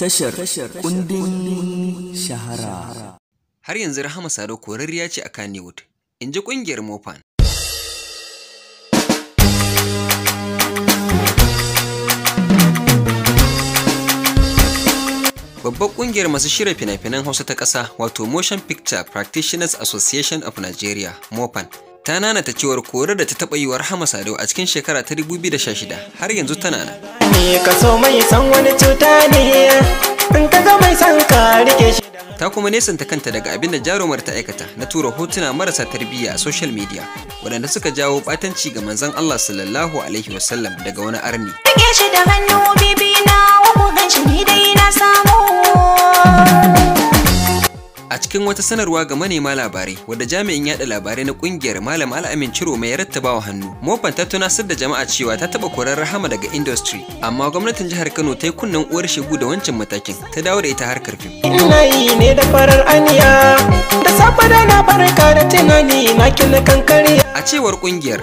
tashar kundin shahara. Har yanzu Rahama Sado korarriya ce a Kannywood, in ji ƙungiyar Mofan. Babbar ƙungiyar masu shirya fina-finan Hausa ta ƙasa wato Motion Picture Practitioners Association of Nigeria, Mofan. ta nanata cewar korar da ta taɓa yi wa Rahama Sadau a cikin shekara ta 2016 har yanzu tana nan. Ta kuma nesanta kanta daga abin da jarumar ta aikata na tura hotuna marasa tarbiyya a social media waɗanda suka jawo ɓatanci ga manzon Allah sallallahu alaihi wasallam daga wani arni. shi cikin wata sanarwa ga manema labarai wadda jami'in yaɗa labarai na kungiyar Malam Al'amin ciro mai rattaba wa hannu. Mofan ta tunasar da jama'a cewa ta taba korar Rahama daga industry, amma gwamnatin jihar Kano ta yi kunnen uwar shigu da wancan matakin, ta dawo da ita har karfi. Ina A cewar kungiyar,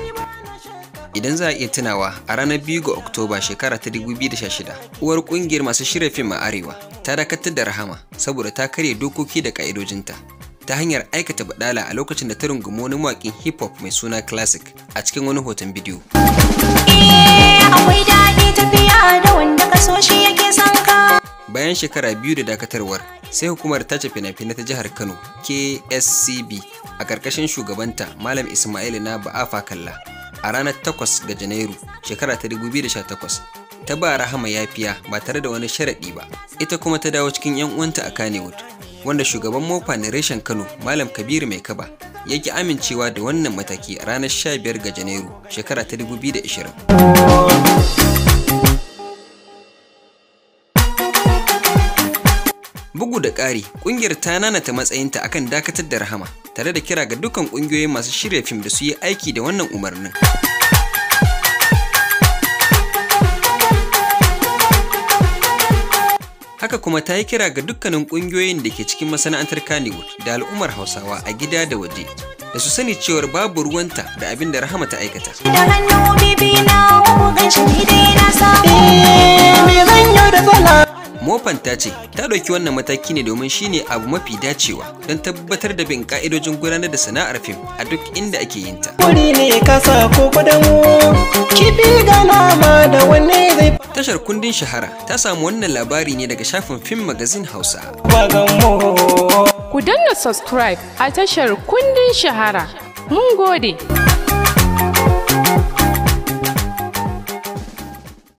Idan za a iya tunawa a ranar 2 ga Oktoba shekara ta 2016, uwar kungiyar masu shirya fim a Arewa ta dakatar da Rahama saboda ta karya dokoki da ka'idojinta ta hanyar aikata badala a lokacin da ta rungumi wani mawaƙin hip hop mai suna classic a cikin wani hoton bidiyo. Eh, Bayan shekara biyu da dakatarwar, sai hukumar ta ce fina fina ta jihar Kano KSCB a ƙarƙashin shugabanta Malam Ismail na Ba'afa Kalla a ranar 8 ga Janairu shekara ta 2018 ta ba Rahama yafiya ba tare da wani sharaɗi ba ita kuma ta dawo cikin 'yan uwanta a Kanewood wanda shugaban na Reshen Kano Malam Kabiru Mai Kaba yake amincewa da wannan mataki a ranar 15 ga Janairu shekara ta 2020. Bugu da ƙari, ƙungiyar ta nanata matsayinta akan dakatar da Rahama, tare da kira ga dukkan ƙungiyoyin masu shirya fim da su yi aiki da wannan umarnin. Haka kuma ta yi kira ga dukkanin ƙungiyoyin da ke cikin masana'antar Kannywood da al'ummar Hausawa a gida da waje, da su sani cewar babu ruwanta da abin da Rahama ta aikata. mofan ta ce ta ɗauki wannan mataki ne domin shine abu mafi dacewa don tabbatar da bin ƙa'idojin gudanar da sana'ar fim a duk inda ake yin ta tashar kundin shahara ta samu wannan labari ne daga shafin fim magazin hausa ku danna subscribe a tashar kundin shahara mun gode